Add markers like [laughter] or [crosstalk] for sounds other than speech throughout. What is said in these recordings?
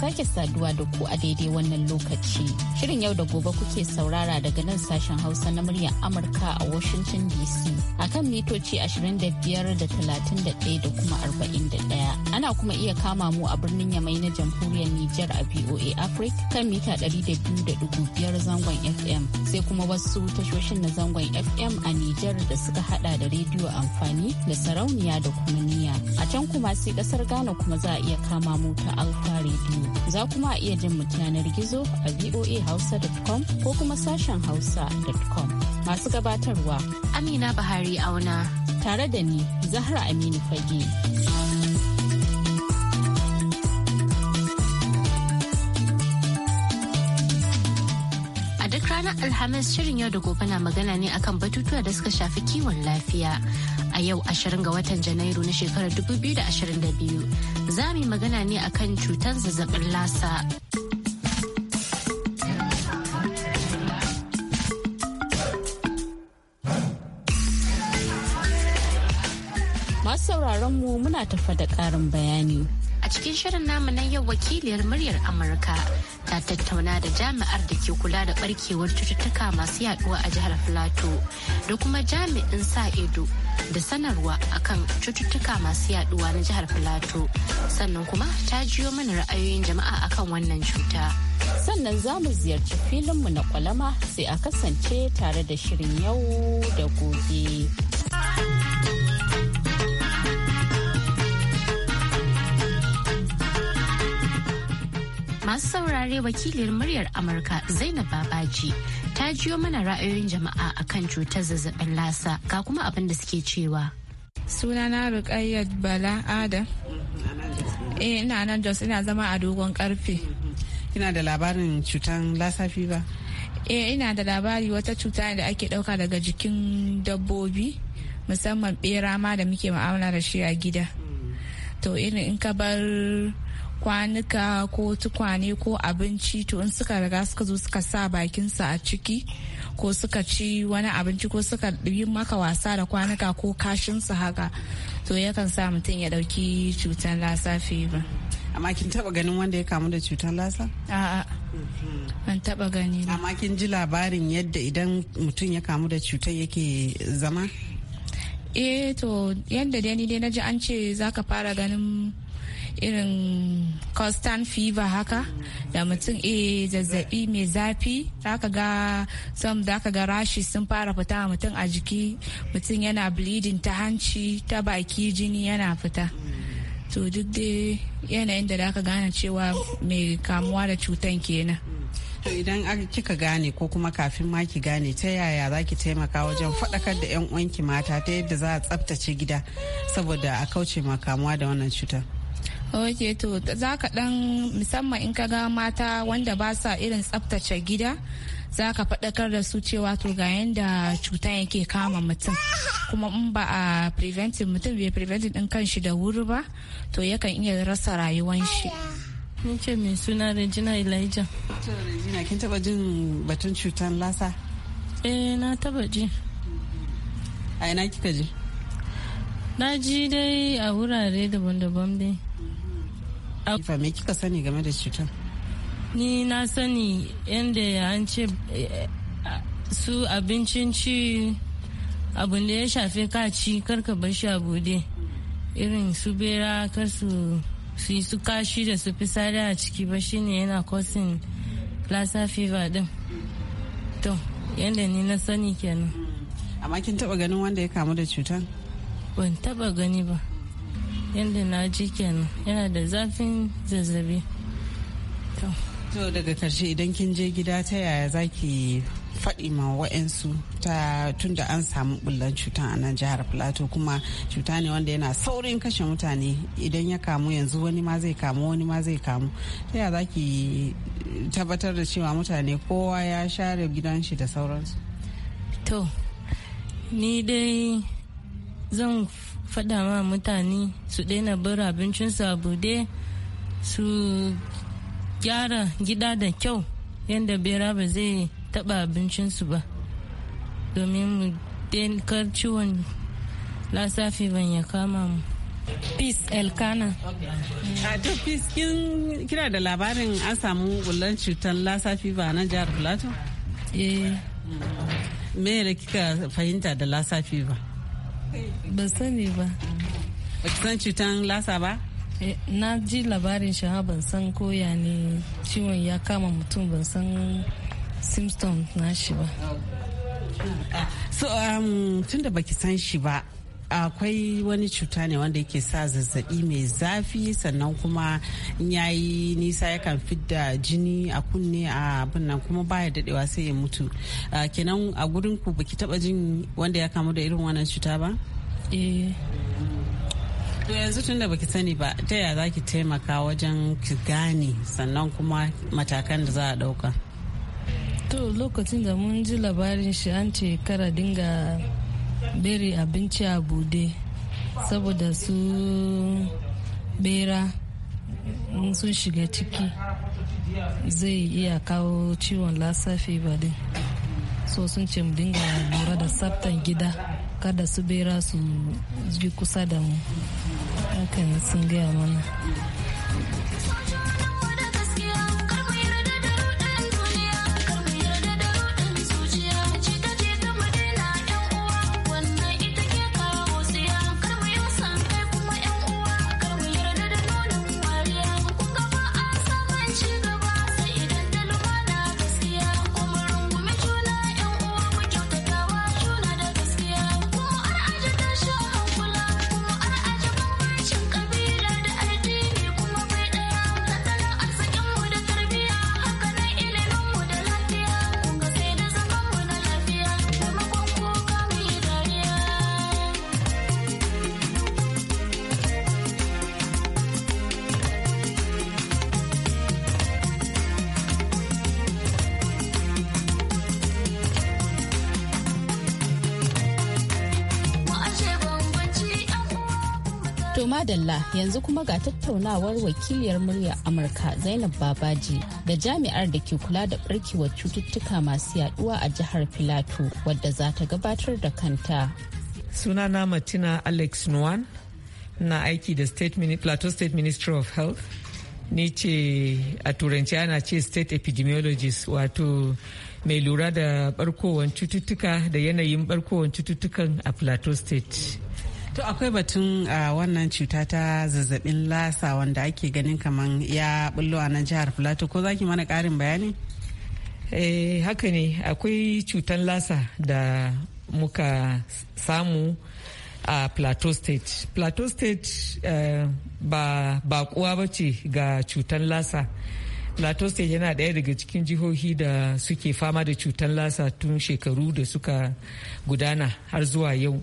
sake saduwa da ku a daidai wannan lokaci. Shirin yau da gobe kuke saurara daga nan sashen Hausa na muryar Amurka a Washington DC a kan mitoci 25 da 31 da kuma 41. Ana kuma iya kama mu a birnin Yamai na jamhuriyar Nijar a VOA Africa kan mita 200.5 zangon FM sai kuma wasu tashoshin na zangon FM a Nijar da suka hada da rediyo amfani da sarauniya da kuma A can kuma sai kasar Ghana kuma za a iya kama mu ta Alfa Radio. Za kuma a iya jin mu yanar gizo a voahausa.com ko kuma sashen hausa.com. Masu gabatarwa Amina Bahari Auna. Tare da ni Zahra Aminu Fage. Alhamis shirin yau da gobe na magana ne akan batutuwa da suka shafi kiwon lafiya. A yau 20 ga watan Janairu na shekarar 2022 za mu yi magana ne akan cutar zazzabin lasa. Masu sauraron mu muna tafa da ƙarin bayani. cikin shirin namu na yau wakiliyar muryar Amurka ta tattauna da jami'ar da ke kula da barkewar cututtuka masu yaduwa a jihar Filato da kuma jami'in sa ido da sanarwa akan cututtuka masu yaduwa na jihar Filato sannan kuma ta jiyo mana ra'ayoyin jama'a akan wannan cuta. Sannan za mu ziyarci filin mu na kwalama sai a kasance tare da shirin yau da gobe. Masu saurare wakilin muryar Amurka Zainab Babaji ta jiyo mana ra'ayoyin jama'a akan cutar zazzabin lasa ga kuma abin da suke cewa. Sunana Rukayyat Bala Adam. Eh ina nan Jos ina zama a dogon karfe. Kina da labarin cutan lasa ba? Eh, ina da labari wata cuta da ake dauka daga jikin dabbobi musamman bera ma da muke ma'amala da shi a gida. To in ka bar kwanuka ko tukwane ko abinci to in suka riga suka zo suka sa bakinsa a ciki ko suka ci wani abinci ko suka yi maka wasa da kwanuka ko kashinsu haka to yakan sa mutum ya ɗauki cutar lasa fever. amma kin taba ganin wanda ya kamu da cutar lasa? a'a ban taba gani amma kin ji labarin yadda idan mutum ya kamu da cutar yake zama? eh to yadda dai ni dai na ji an ce zaka fara ganin irin constant fever haka da mutum e zazzabi mai zafi zaka ga sam zaka ga rashi sun fara fita mutum a jiki mutum yana bleeding ta hanci ta baki jini yana fita to duk da yanayin da zaka gane cewa mai kamuwa da cutan kenan to idan kika gane ko kuma kafin ma ki gane ta yaya za ki taimaka wajen faɗakar da 'yan uwanki mata ta yadda za a tsabtace gida saboda a kauce ma kamuwa da wannan cutar ok to za ka dan musamman in ka ga mata wanda ba sa irin tsaftace gida za ka faɗakar da su cewa to ga yanda cuta yake kama mutum kuma in ba a preventive mutum bai preventive din kanshi da wuri ba to yakan iya rasa rayuwan shi ni mai suna regina elijah regina kin taba jin batun cutar lasa eh na taba ji a ina kika ji na ji dai a wurare daban-daban dai Ifa me kika sani game da cutar? Ni na sani yadda an ce su abincin ci abin da ya shafe ka ci karka bar shi a bude. Irin su bera kar su su yi su kashi da su fisari a ciki ba shi ne yana kosin lasa fever din. To, yadda ni na sani kenan. Amma kin taba ganin wanda ya kamu da cutar? Ban taba gani ba. yadda na ji kenan yana da zafin zazzabi to daga karshe idan kin je gida ta yaya za ki faɗi ma wa'yansu ta tunda an samu bullan cuta a nan jihar plateau kuma cuta ne wanda yana saurin kashe mutane idan ya kamu yanzu wani ma zai kamu wani ma zai kamu ta yaya za ki tabbatar da cewa mutane kowa ya share gidan shi da sauransu to ni dai zan faɗa ma mutane su daina bar abincinsu a bude su gyara gida da kyau yadda bera ba zai taɓa abincinsu ba domin mu kar ciwon lasafi ban ya kama mu peace elkana a ah, to peace kin kira da labarin an samu wulan cutar lasafi ba na jihar plateau eh me da kika fahimta da lasafi ba ba sani ba. Ba ki san cutan lasa ba? Eh, na ji labarin sha ban san koya ya ne ciwon ya kama mutum ban san symptoms na shi ba. So, um, tun da baki san shi ba, akwai wani cuta ne wanda yake sa zazzabi mai zafi sannan kuma ya yayi nisa yakan fidda jini a kunne a abin nan kuma baya dadewa sai ya mutu ah, kenan a gurin ku baki taba jin wanda ya kamu da irin wannan cuta ba eh. to yanzu tunda baki sani ba ta yaya ki taimaka wajen ki gane sannan kuma matakan da za a dauka to lokacin da mun ji labarin shi an ce kara dinga bere abinci a bude saboda su bera in sun shiga ciki zai iya kawo ciwon lasafi badin so sun ce mu dinga lura da tsaftan gida kada su bera su ji kusa da mu hakan sun gaya mana To madalla yanzu kuma ga tattaunawar wakiliyar murya Amurka Zainab Babaji da jami'ar da ke kula da barkewar cututtuka masu yaduwa a jihar Filato wadda za ta gabatar da kanta. Sunana matina Alex Nwan na aiki da State Plateau State Ministry of Health. Ni ce a turanci ana ce State Epidemiologist wato mai lura da barkowar cututtuka da yanayin barkowar cututtukan a Plateau State. To akwai batun a ah, wannan cuta ta zazzabin lasa wanda ake ganin kaman ya bullo a nan jihar Filato ko zaki mana karin bayani? Eh haka ne akwai cutan lasa da muka samu a Plateau State. Plateau State uh, ba bakuwa ba ce ga cutan lasa. Plateau State yana daya daga cikin jihohi da suke fama da cutan lasa tun shekaru da suka gudana har zuwa yau.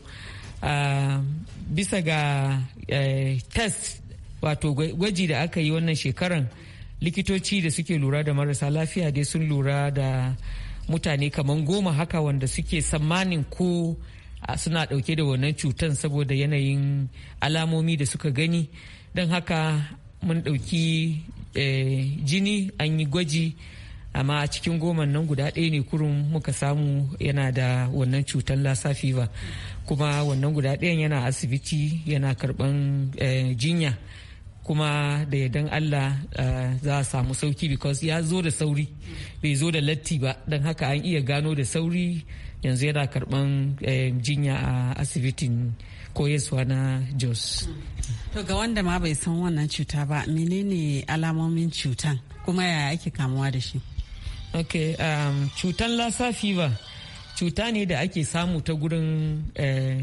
Ah, bisa ga eh, test wato gwaji da aka yi wannan shekaran likitoci da suke lura da marasa lafiya dai sun lura da mutane kamar goma haka wanda suke tsammanin ko ah, suna dauke da wannan cutan saboda yanayin alamomi da suka gani don haka mun dauki eh, jini an yi gwaji amma a cikin goman nan guda ɗaya ne kurum muka samu yana da wannan cutar lassa fever kuma wannan guda ɗayan yana asibiti yana karɓan eh, jinya kuma da dan Allah eh, za a samu sauki because ya zo da sauri bai zo da latti ba don haka an iya gano da sauri yanzu yana karban eh, jinya a asibitin koyaswa na jos to ga wanda ma bai san wannan cuta ba menene alamomin cutan kuma yaya ake kamuwa da shi okay um, cutan lassa fever cuta ne da ake samu ta gurin eh,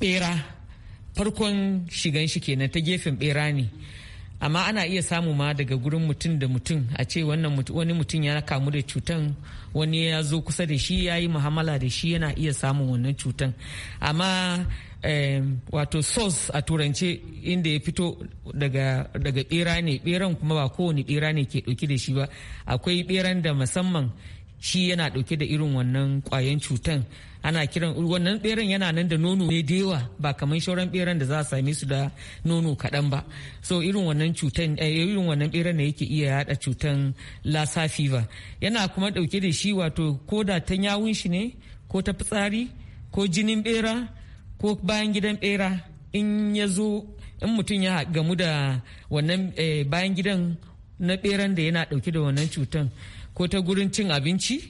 bera farkon shigan shi kenan ta gefen bera ne amma ana iya samu ma daga gurin mutum da mutum a ce wani mutum ya kamu da cutan wani ya zo kusa da shi ya yi muhammala da shi yana iya samun wannan cutan amma Eh, wato source a turance inda ya fito daga bera ne beran kuma ba kowane bera ne ke dauke da shi ba akwai beran da musamman shi yana dauke da irin wannan kwayan cutan ana kiran wannan beran yana nan da nono ne da yawa ba kamar shauran beran da za a same su da nono kaɗan ba so irin wannan cutan eh, irin wannan beran ne yake iya yada cutan lassa fever yana kuma dauke da shi wato ko da ta yawun shi ne ko ta fitsari ko jinin bera ko bayan gidan bera in ya zo in mutum ya gamu da wannan eh, bayan gidan na beran da yana dauke da wannan cutan ko ta gurin cin abinci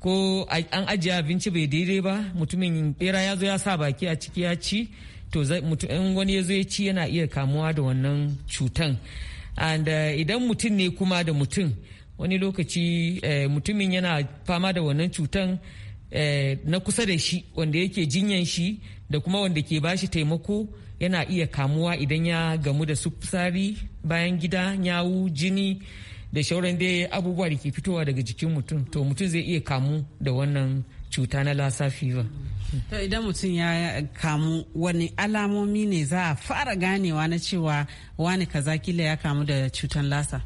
ko an ajiye abinci bai daidai ba mutumin bera ya zo ya sa baki a ciki ya ci to in wani ya zo ya ci yana iya kamuwa da wannan cutan and eh, idan mutum ne kuma da mutum wani lokaci eh, mutumin yana fama da wannan cutan na kusa da shi wanda yake jinyan shi da kuma wanda ke ba shi taimako yana iya kamuwa idan ya gamu da su bayan gida nyawu jini da shauran dai abubuwa da ke fitowa daga jikin mutum to mutum zai iya kamu da wannan cuta na lassa fever to idan mutum ya kamu wani alamomi ne za a fara ganewa na cewa wani kaza kila ya kamu da cutar lasa.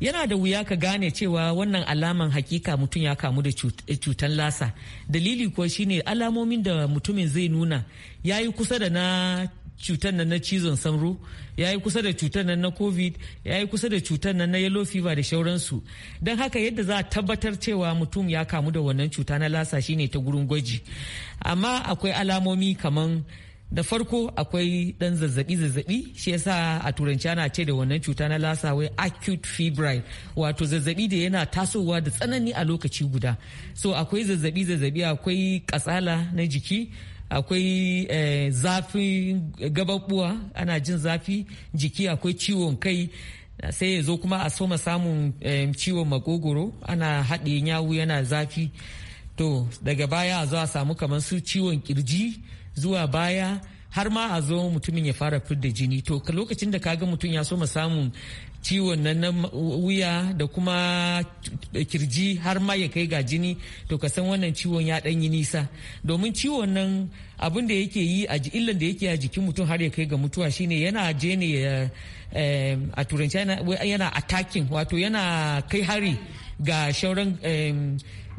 yana da wuya ka gane cewa wannan alaman hakika mutum ya kamu da eh, cutan lasa dalili kuwa shine alamomin da mutumin zai nuna ya yi kusa da na cutar nan na cizon samro ya yi kusa da cutar nan na covid ya yi kusa da cutar nan na yellow fever da shauransu don haka yadda za a tabbatar cewa mutum ya kamu da wannan cuta na lasa shine ta gurin gwaji amma akwai alamomi kaman da farko akwai dan zazzabi zazzabi shi yasa a turanci ana ce da wannan cuta na lasa wai acute febrile wato zazzabi da yana tasowa da tsanani a lokaci guda so akwai zazzabi zazzabi akwai katsala na jiki akwai zafi eh, zafin gababuwa ana jin zafi jiki akwai ciwon kai sai ya zo kuma a soma samun ciwon magogoro ana haɗe yawu yana zafi to daga baya a zo a samu kamar su ciwon kirji zuwa baya har ma a zo mutumin ya fara fidda jini to lokacin da kaga mutum ya so samun ciwon nan na wuya da kuma kirji har ma ya kai ga jini to ka san wannan ciwon ya dan yi nisa domin ciwon nan abin da yake yi a illan da yake a jikin mutum har ya kai ga mutuwa shine yana je ne a turanci yana attacking wato yana kai hari ga shauran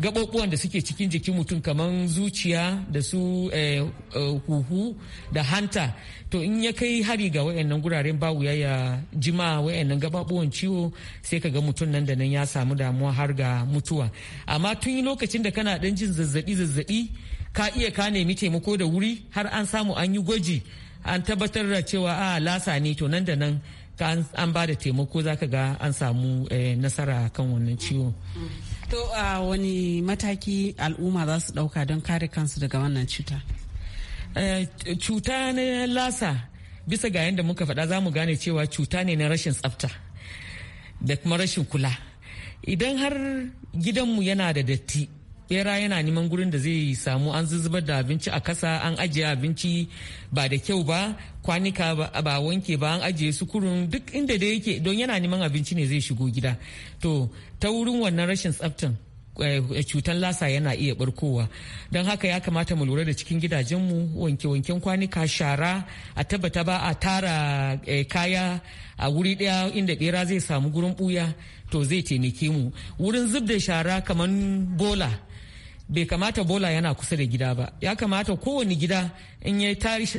gaɓoɓuwan da suke cikin jikin mutum kamar zuciya da su eh, eh, huhu da hanta to in ya kai hari ga wayannan guraren ba wuya ya jima wayannan gaɓoɓuwan ciwo sai ka ga mutum nan da nan ya samu damuwa har ga mutuwa amma tun lokacin da kana ɗan jin zazzabi zazzabi ka iya ka nemi taimako da wuri har an samu an yi gwaji an tabbatar da cewa a ah, lasa ne to nan da nan an ba da taimako zaka ga an samu eh, nasara kan wannan ciwo. To a wani mataki al'umma za su ɗauka don kare kansu daga wannan cuta? cuta na lasa bisa ga yadda muka faɗa za mu gane cewa cuta ne na rashin tsafta da kuma rashin kula. Idan har gidanmu yana da datti bera yana neman gurin da zai samu an zuzubar da abinci a kasa an ajiye abinci ba da kyau ba kwanika ba wanke ba an ajiye su kurun duk inda da yake don yana neman abinci ne zai shigo gida to ta wurin wannan rashin tsaftan eh, cutan lasa yana iya barkowa don haka ya kamata mu lura da cikin gidajenmu wanke-wanken kwanika shara a tabbata ba a tara eh, kaya a wuri daya inda bera zai samu gurin buya to zai taimake mu wurin zub da shara kamar bola bai kamata bola yana kusa da gida ba ya kamata kowane gida in ya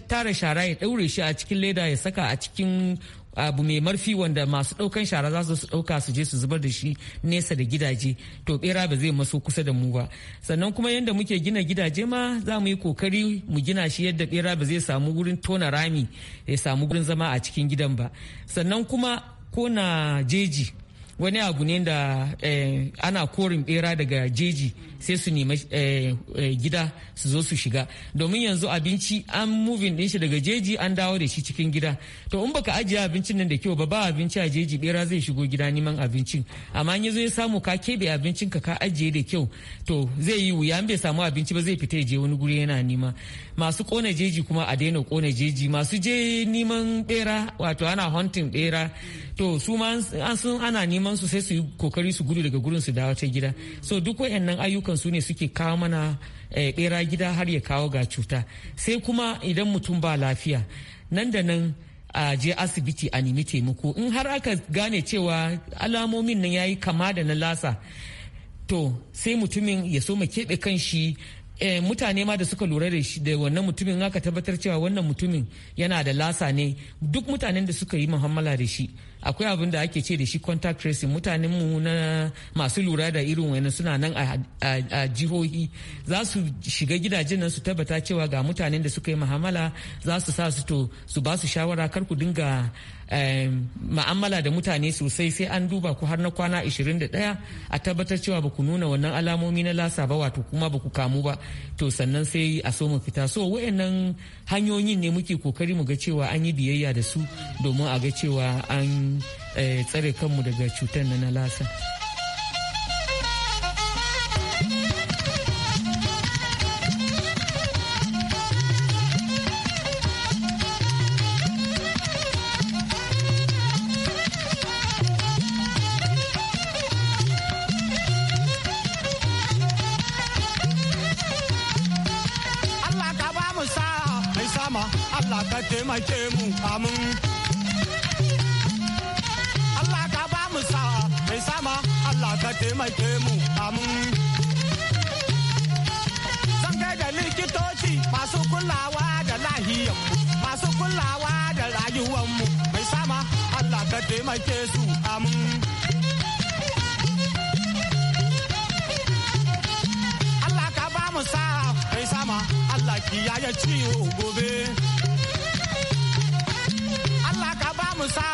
tara shara ya ɗaure shi a cikin leda ya saka a cikin abu mai marfi wanda masu ɗaukan shara za su ɗauka su je su zubar da shi nesa da gidaje to bera ba zai maso kusa da mu ba sannan kuma yadda muke gina gidaje ma za mu yi kokari mu gina shi yadda bera ba zai samu wurin tona rami ya samu wurin zama a cikin gidan ba sannan kuma ko na jeji wani abu ne da eh, ana korin bera daga jeji sai su nemi eh, eh, gida su zo su shiga domin yanzu abinci an moving din shi daga jeji an dawo da shi cikin gida to in baka ajiye abincin nan da kyau ba ba abinci a jeji bera zai shigo gida neman abincin amma in yazo ya samu ka kebe abincin ka ka ajiye da kyau to zai yi wuya in bai samu abinci ba zai fita ya je wani guri yana nema masu kona jeji kuma a daina kona jeji masu je neman bera wato ana hunting bera to su ma an sun ana neman zaman su sai su yi kokari su gudu daga gurin su dawo ta gida so duk wayannan ayyukan su ne suke kawo mana eh, bera gida har ya kawo ga cuta sai kuma idan mutum ba lafiya nan da nan a je asibiti a nemi taimako in har aka gane cewa alamomin nan yayi kama da na lasa to sai mutumin ya so ma keɓe shi Eh, mutane ma da suka lura da shi da wannan mutumin aka tabbatar cewa wannan mutumin yana da lasa ne duk mutanen da suka yi muhammala da shi akwai abin da ake ce da shi contact tracing mutanen mu na masu lura da irin wani suna nan a jihohi za su shiga gidajen nan su tabbata cewa ga mutanen da suka yi muhammala za su sa su to su ba su shawara kar ku dinga ma'amala da mutane sosai sai an duba ku har na kwana 21 a tabbatar cewa ba ku nuna wannan alamomi na lasa ba wato kuma ba ku kamu ba to sannan sai a so mu fita so wayannan hanyoyin ne muke kokari mu ga cewa an yi biyayya da su domin a ga cewa an eh, tsare kanmu daga cutar na lasa. Allah ka taimake mu amin. Allah ka ba mu mai sama Allah ka taimake mu amin. Zan da likitoci masu kulawa da lahiyar masu kulawa da rayuwanmu mai sama Allah ka taimake su amin. Allah ka ba mu sa mai sama Allah kiyaye ciwo gobe. mu sa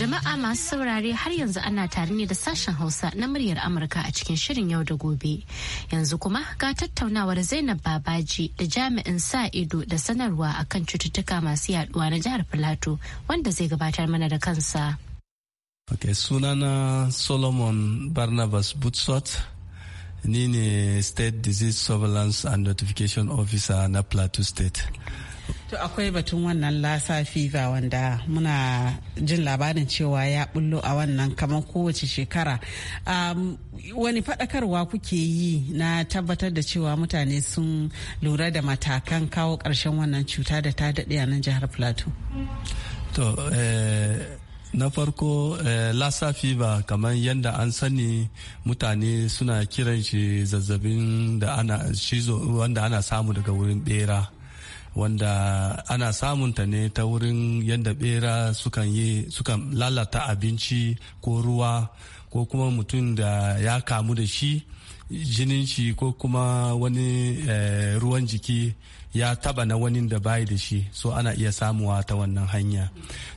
Jama'a masu saurare har yanzu ana tare ne da sashen Hausa na muryar Amurka a cikin shirin yau da gobe. Yanzu kuma ga tattaunawar Zainab Babaji da jami'in sa ido da sanarwa akan cututtuka masu yaduwa na jihar Filato wanda zai gabatar mana da kansa. Ok, sunana Solomon Barnabas Butsot ni ne state disease surveillance and notification officer na plateau state to akwai batun wannan lassa fever wanda muna jin labarin cewa ya bullo a wannan kamar kowace shekara um, wani faɗakarwa kuke yi na tabbatar da cewa mutane sun lura da matakan kawo ƙarshen wannan cuta da ta daɗe a nan jihar plateau to eh, na farko eh, lassa fever kamar yadda an sani mutane suna kiran shi zazzabin da ana shizo wanda ana samu daga wurin bera wanda ana ta ne ta wurin yadda bera sukan sukan lalata abinci ko ruwa ko kuma mutum da ya kamu da shi jinin shi ko kuma wani eh, ruwan jiki ya taba na wani da bai da shi so ana iya samuwa ta wannan hanya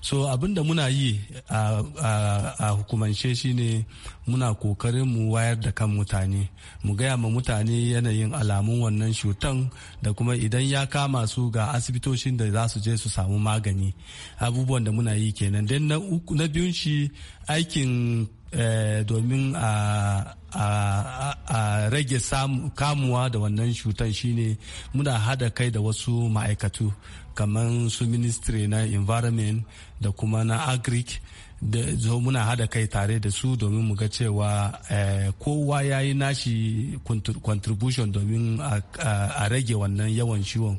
so abinda muna yi a hukumance shi ne muna kokarin mu wayar da kan mutane mu gaya ma mutane yanayin alamun wannan cutan da kuma idan ya kama su ga asibitocin da za su je su samu magani abubuwan da muna yi kenan dan na biyun shi aikin Eh, domin a rage kamuwa da wannan cutar shine muna hada kai da wasu ma'aikatu kamar su ministry na environment da kuma na agric da zo muna hada kai tare da su domin mu ga cewa eh, kowa ya yi nashi contribution domin a rage wannan yawan ciwon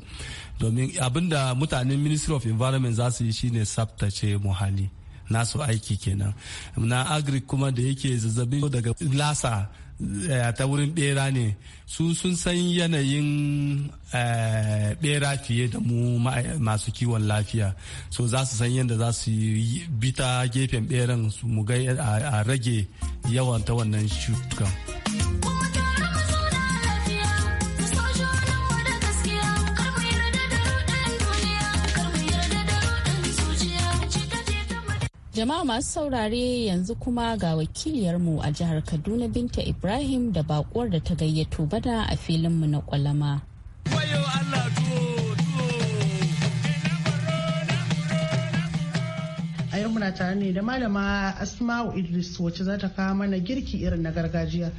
domin abinda mutanen ministry of environment za su yi shine tsaftace muhalli. nasu aiki kenan na agri kuma da yake zazzabi daga lasa eh, ta wurin bera ne su sun san yanayin eh, bera fiye da mu masu kiwon lafiya so za su san yadda za su bita gefen beran su mu a rage yawan ta wannan cutukan. Jama'a masu saurare yanzu kuma ga wakiliyarmu a jihar Kaduna Binta Ibrahim da bakuwar da ta gayyato bada a filinmu na kwalama. a yau muna tare ne da malama asma'u idris wacce za ta kawo mana girki irin na gargajiya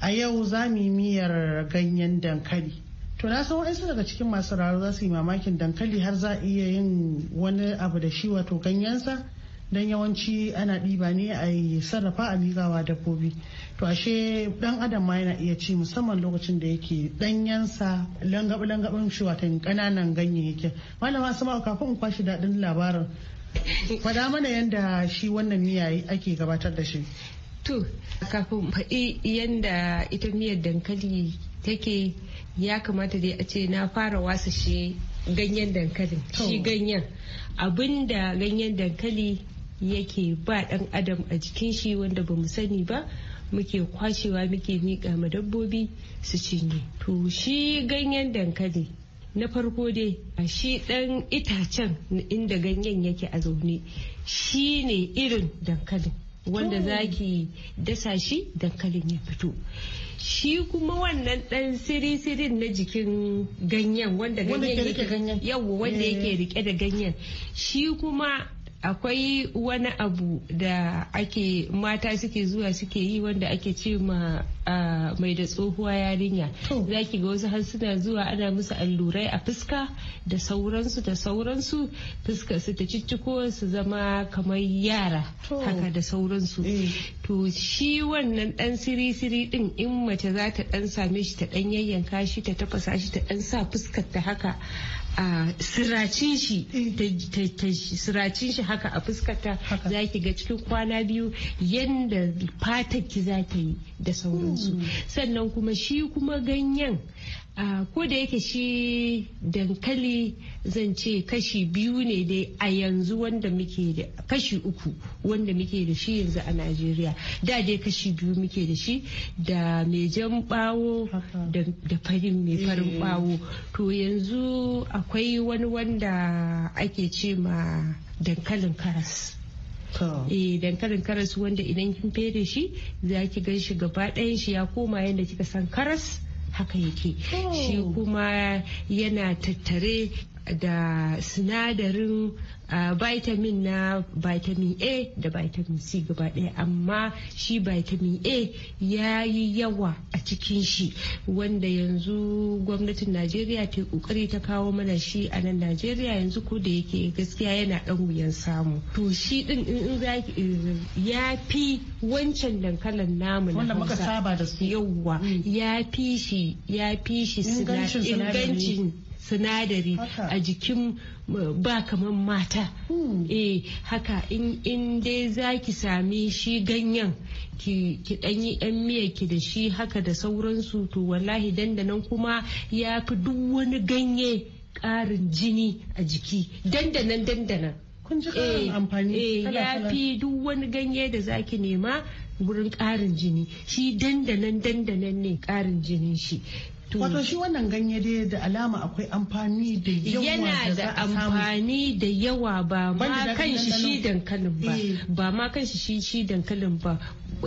a yau za mu yi miyar ganyen dankali to na san wa'ansu daga cikin masu raro za su yi mamakin dankali har za a iya yin wani abu da shi wato ganyensa don yawanci ana ɗiba ne a yi sarrafa a miƙawa dabbobi to ashe dan adam ma yana iya ci musamman lokacin da yake ɗanyensa langaɓi-langaɓin shi wata ƙananan ganyayyakin malama asama kafin in kwashi daɗin labarin faɗa mana yadda shi wannan miya ake gabatar da shi to kafin faɗi yadda ita miyar dankali take ya kamata dai a ce na fara wasa shi ganyen dankalin shi ganyen abinda ganyen dankali yake ba dan adam a jikin shi wanda ba mu sani ba muke kwashewa muke miƙa ma dabbobi su cinye to shi ganyen dankali na farko dai a shi dan itacen inda ganyen yake a zaune shi ne irin dankalin wanda zaki dasa shi dankalin ya fito shi kuma wannan dan siri-sirin na jikin ganyen wanda ganyen yake yawo wanda yake eh. rike da ganyen shi kuma akwai wani abu da ake mata suke zuwa suke yi wanda ake ce ma mai da tsohuwa yarinya za ki ga wasu harsuna zuwa ana musu allurai a fuska da sauransu da sauransu fuska su ta cicciko su zama kamar yara haka da sauransu eh. to shi wannan dan siri-siri din in mace za ta dan same shi ta dan yayyanka shi ta tafasa shi ta dan sa fuskar ta haka a siracin shi eh. siracin shi haka a fuskata za ki ga cikin kwana biyu yadda fatar ki za ta yi da sauransu hmm. sannan kuma shi kuma ganyen ko da yake shi dankali zan ce kashi biyu ne dai a yanzu wanda muke da kashi uku wanda muke da shi yanzu a najeriya da dai kashi biyu muke da shi da mai jan bawo da farin mai farin bawo eh. to yanzu akwai wani wanda ake ce ma dankalin karas eh dankalin karas wanda idan kin fere shi za ki gan shi gaba ɗayan shi ya koma yadda kika san karas haka yake oh. shi kuma yana tattare da sinadarin ah, vitamin na vitamin a da vitamin c gaba ɗaya amma shi vitamin a ya yi yawa a cikin shi wanda yanzu gwamnatin najeriya ta kokari ta kawo mana shi a nan najeriya yanzu ko da yake gaskiya yana ɗan wuyan samu to shi ɗin in ya fi wancan dankalin namu na muka saba da su. yawa mm. ya fi shi ya fi shi ingancin sinadari a jikin uh, ba kaman mata e haka in dai za ki sami shi ganyen ki ɗanyi yan miya ki da shi haka da sauransu to wallahi dandanan kuma ya fi duk wani ganye ƙarin jini a jiki dandanan dandanan kun eh, eh, ya fi duk wani ganye da zaki nema wurin ƙarin jini shi dandanan dandanan ne ƙarin jinin shi Wato shi wannan ganye dai da alama akwai amfani da yawa Yana da amfani da yawa ba ma kan shi shi dankalin ba. Eh. Ba ma kan shi shi shi dankalin ba.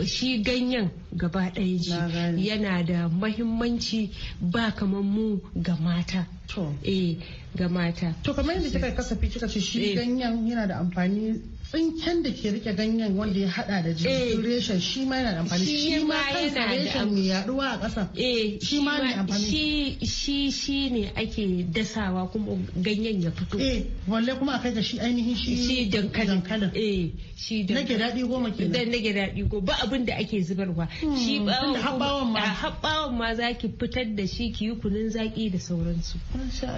Shi ganyen gaba ɗaya ji yana da mahimmanci ba kamar mu ga mata. Eh ga mata. To kamar yadda kika kasafi kika ce shi eh. ganyen yana da amfani tsinken da ke rike ganyen wanda ya hada da eh. jikin reshen shi ma yana da amfani shi ma da reshen mai yaduwa a kasa eh, shi ma ne amfani shi shi ne ake dasawa kuma ganyen ya fito eh walle kuma akai da shi ainihin shi shi dankalin eh shi dankalin nage dadi goma ke dan nake dadi goma ba abin da ake zubarwa hmm, shi bawon habbawan ma habbawan ma zaki fitar da shi ki yi kunun zaki da sauransu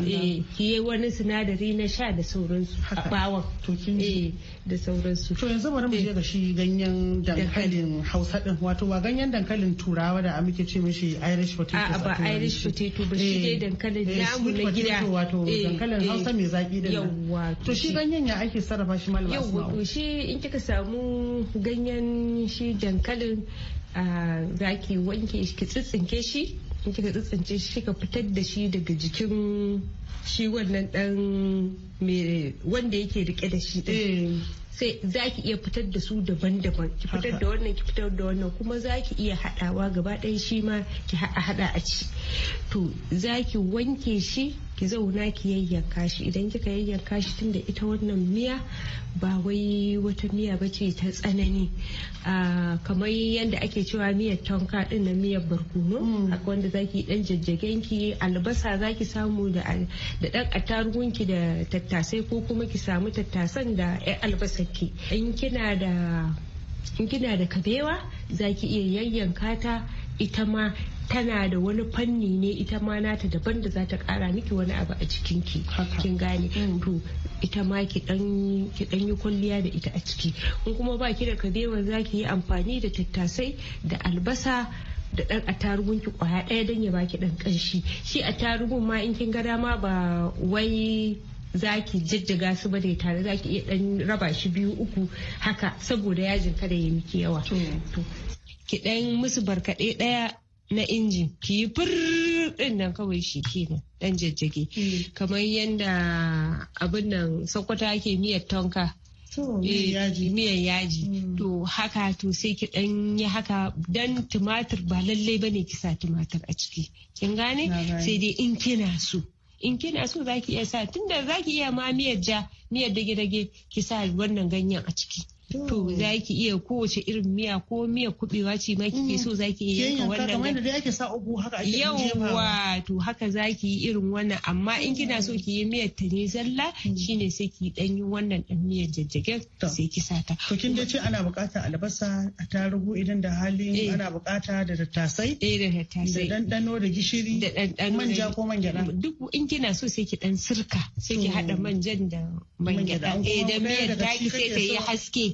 eh ki yi wani sinadari na sha da sauransu a to kin eh sauransu to yanzu bari mu je ga shi ganyen dankalin hausa din wato ba ganyen dankalin turawa da muke ce mishi irish potato A'a ba irish potato ba shi dai eh, dankalin eh, namu na gida wato eh, dankalin hausa mai zaki din Yawwa. to shi ganyen ya ake sarrafa shi malama to shi in kika samu ganyen shi dankalin za ki wanke shi ki tsitsinke shi in kika tsitsince shi ka fitar da shi daga jikin shi wannan dan wanda yake rike da shi din sai za ki iya fitar da su daban-daban ki fitar da wannan ki fitar da wannan kuma za ki iya haɗawa gaba ɗaya shi ma ki haɗa a ci to za ki wanke shi ki zauna ki yayyanka shi idan kika yayyanka shi tunda ita wannan miya ba wai wata miya ba ce ta tsanani ah, kamar yadda ake cewa miyar tonka din na miyar barkono mm. akwai wanda zaki dan jajjagen ki albasa zaki samu da da dan attarugun ki da tattasai ko kuma ki samu tattasan da yan albasar ki in kina da in kina da kabewa zaki iya yayyanka ta ita ma tana da wani fanni ne ita ma nata daban da za ta kara miki wani abu a cikin ki kin gane mm. to ita ma ki dan ki dan yi kwalliya da ita a ciki in kuma ba ki da kabewa za ki yi amfani da tattasai da albasa da dan attarugun ki kwaya daya dan ya baki dan kanshi shi attarugun ma in kin ga dama ba wai za ki jijjiga su ba da tare za ki iya dan raba shi biyu uku haka saboda yajin kada ya miki yawa ki dan musu barkade ɗaya na inji ki yi din nan kawai shi kenan dan jajjage hmm. kamar yadda abin nan sokoto ake miyar tonka eh, miyar yaji hmm. to haka to sai ki dan yi haka dan tumatir ba lallai bane ki sa tumatir a ciki kin gane sai dai in kina su. in kina so zaki iya sa tunda zaki iya ma miyar ja miyar dage-dage ki sa wannan ganyen a ciki to za ki iya kowace irin miya ko miya kubewa ce ma kike mm. so za ki iya yanka wannan kamar da yake sa ugu haka ake yawa to haka za ki yi irin wannan amma in kina so ki yi miyar ta ne zalla mm. shine sai ki dan yi wannan dan miyar jajjagen sai ki sa ta to kin dai ce ana bukata albasa a tarugu idan da hali eh. ana bukata da tattasai eh da tattasai da dandano da gishiri da dandano manja ko man duk in kina so sai ki dan sirka sai ki hada manjan da man eh da miyar ta ki sai ta yi haske ne to sai kuma ke da ake bukata a cikin wannan shikenan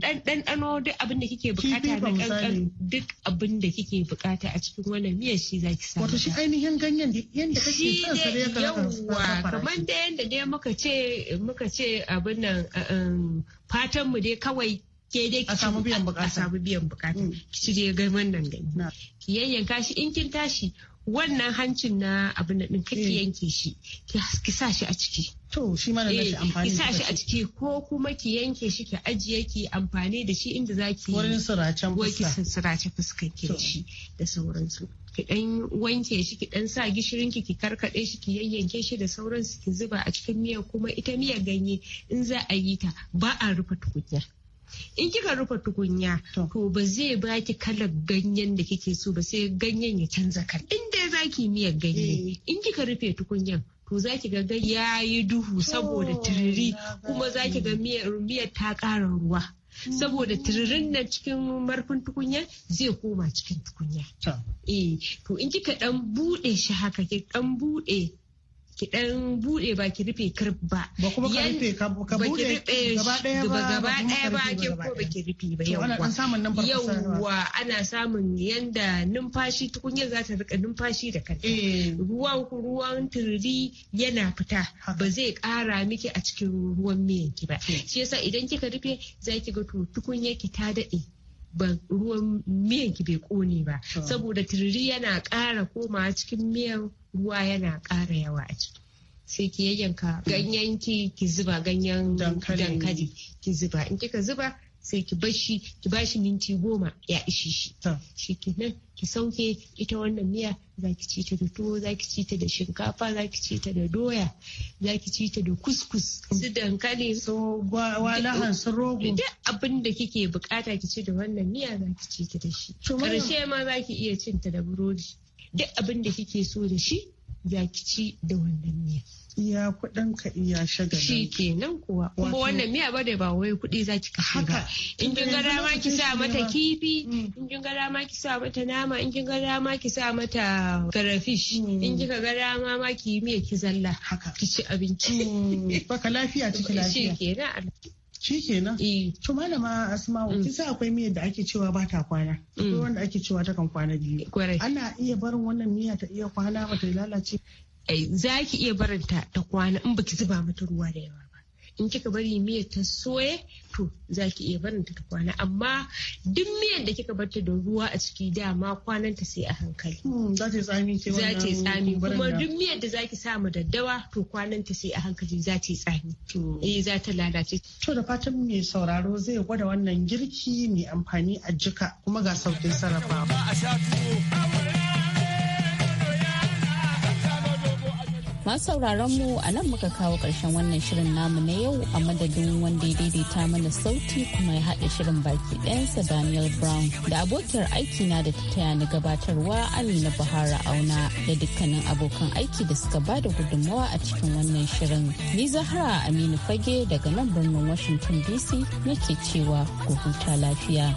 dan dandano duk abin da kike bukata na kankan duk abin da kike bukata a cikin wannan miyar shi zaki samu wato shi ainihin ganyen da yanda kake son sa da ya yawa kamar da yanda dai muka ce muka ce abin nan um, fatan mu dai kawai ke dai A samu biyan bukata a samu biyan bukata mm. ki cire ga wannan gani ki yayyanka shi in kin tashi wannan hancin na abu na ɗin kake eh. yanke shi ki sa shi a ciki to shi mana da shi eh, amfani ki sa shi a ciki ko kuma ki yanke shi ki ajiye ki amfani da shi inda za ki wurin siracen fuska wurin suracen fuska ki shi da sauransu ki dan wanke shi ki dan sa gishirin ki ki karkade shi ki yayyanke shi da sauransu ki zuba a cikin miya kuma ita miya ganye in za a yi ta ba a rufe tukunya in kika rufe tukunya to ba zai baki kalar ganyen da kike so ba sai ganyen ya canza kala in dai zaki miyar ganye eh. in kika rufe tukunyan to za ki ga ya yi duhu saboda tiriri kuma za ga miyar ta ƙara ruwa saboda tiririn na cikin marfin tukunya zai koma cikin tukunya. Eh, to in kika dan bude shi haka ki dan bude ki dan bude ba ki rufe kirf ba ba kuma ka rufe ka bude gaba daya ba gaba daya ba ki ko ba ki rufe ba yawwa yauwa ana samun yanda numfashi tukunyar za ta rika numfashi da kanta eh. ruwan ruwan turi yana fita ba zai kara miki a cikin ruwan miyan ki ba eh. shi yasa idan kika rufe zai kiga ga tukunyar ki ta dade ruwan miyan ki bai kone ba saboda turiri yana ƙara komawa cikin miyan ruwa yana ƙara yawa a ciki sai ki yayyanka ganyen ki ki zuba ganyen dankali ki zuba in kika zuba sai ki bashi ki bashi minti goma ya ishi shi shi kenan ki sauke ita wannan miya za ki ci ta da tuwo za ki ci ta da shinkafa za ki ci ta da doya za ki ci ta da kuskus su dankali su walahan su rogo duk abin da kike bukata ki ci da wannan miya za ki ci ta da shi karshe ma za ki iya cin ta da burodi duk abin da kike so da shi ya kici da wannan miya. Iya kuɗin ka iya shagalin. Shi nan kuwa. Kuma wannan miya ba da ba wai kuɗi za ki kashe ba. In kin ga dama ki sa mata kifi, in kin ga dama ki sa mata nama, in kin ga dama ki sa mata karafish, mm. in kika ga dama ma ki yi miya ki zalla. Haka. Ki ci abinci. Mm. Baka lafiya ciki [laughs] lafiya. Shi nan. shi kenan eh. to malama asma'u mm. kin akwai miyar da ake cewa ba ta kwana akwai mm. wanda ake cewa ta kan kwana biyu ana iya barin wannan miya ta iya kwana ba ta lalace eh, za ki iya barinta ta kwana in baki zuba mata ruwa da yawa in kika bari miyar ta soye to za ki iya barin ta kwana amma duk miyar da kika barta da ruwa a ciki dama kwanan hmm, ta sai a hankali za ta tsami tsami kuma duk miyar da zaki sa mu daddawa to kwanan ta sai a hankali za ta tsami eh za ta lalace to da fatan mai sauraro zai gwada wannan girki mai amfani a jika kuma ga sauƙin sarrafawa Masu sauraron mu a nan muka kawo ƙarshen wannan shirin namu na yau a madadin wanda ya daidaita mana sauti kuma ya haɗa shirin baki ɗayansa Daniel Brown da abokiyar aiki na da ta taya ni gabatarwa Amina Buhari Auna da dukkanin abokan aiki da suka bada gudunmawa a cikin wannan shirin. Ni Zahra Aminu Fage daga nan birnin Washington DC nake cewa ku huta lafiya.